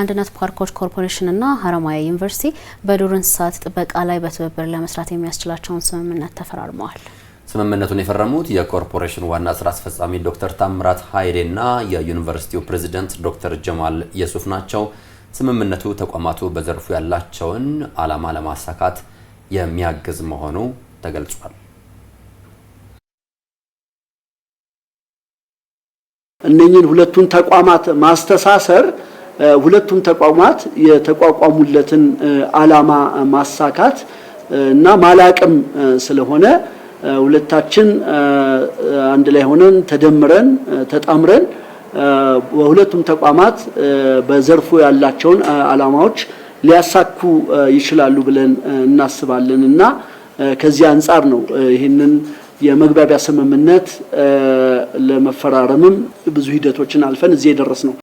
አንድነት ፓርኮች ኮርፖሬሽንና ሀረማያ ዩኒቨርሲቲ በዱር እንስሳት ጥበቃ ላይ በትብብር ለመስራት የሚያስችላቸውን ስምምነት ተፈራርመዋል። ስምምነቱን የፈረሙት የኮርፖሬሽን ዋና ስራ አስፈጻሚ ዶክተር ታምራት ኃይሌና የዩኒቨርሲቲው ፕሬዚደንት ዶክተር ጀማል የሱፍ ናቸው። ስምምነቱ ተቋማቱ በዘርፉ ያላቸውን ዓላማ ለማሳካት የሚያግዝ መሆኑ ተገልጿል። እነኝን ሁለቱን ተቋማት ማስተሳሰር ሁለቱም ተቋማት የተቋቋሙለትን ዓላማ ማሳካት እና ማላቅም ስለሆነ ሁለታችን አንድ ላይ ሆነን ተደምረን ተጣምረን በሁለቱም ተቋማት በዘርፉ ያላቸውን ዓላማዎች ሊያሳኩ ይችላሉ ብለን እናስባለን እና ከዚህ አንጻር ነው ይህንን የመግባቢያ ስምምነት ለመፈራረምም ብዙ ሂደቶችን አልፈን እዚህ የደረስ ነው።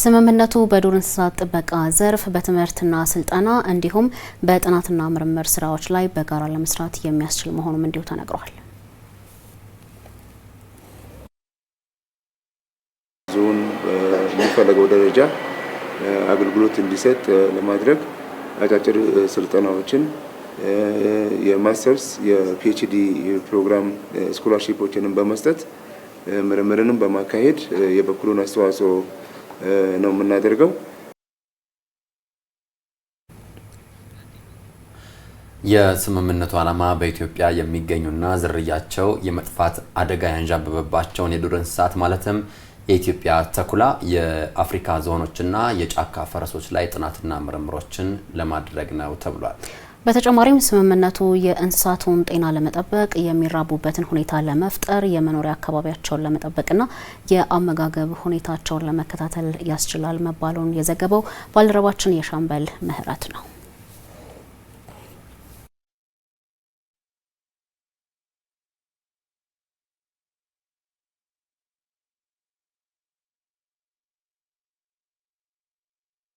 ስምምነቱ በዱር እንስሳት ጥበቃ ዘርፍ በትምህርትና ስልጠና እንዲሁም በጥናትና ምርምር ስራዎች ላይ በጋራ ለመስራት የሚያስችል መሆኑም እንዲሁ ተነግሯል። ዞን በሚፈለገው ደረጃ አገልግሎት እንዲሰጥ ለማድረግ አጫጭር ስልጠናዎችን፣ የማስተርስ የፒኤችዲ ፕሮግራም ስኮላርሺፖችንም በመስጠት ምርምርንም በማካሄድ የበኩሉን አስተዋጽኦ ነው የምናደርገው። የስምምነቱ ዓላማ በኢትዮጵያ የሚገኙና ዝርያቸው የመጥፋት አደጋ ያንዣበበባቸውን የዱር እንስሳት ማለትም የኢትዮጵያ ተኩላ፣ የአፍሪካ ዝሆኖችና የጫካ ፈረሶች ላይ ጥናትና ምርምሮችን ለማድረግ ነው ተብሏል። በተጨማሪም ስምምነቱ የእንስሳቱን ጤና ለመጠበቅ የሚራቡበትን ሁኔታ ለመፍጠር የመኖሪያ አካባቢያቸውን ለመጠበቅና የአመጋገብ ሁኔታቸውን ለመከታተል ያስችላል መባሉን የዘገበው ባልደረባችን የሻምበል ምህረት ነው።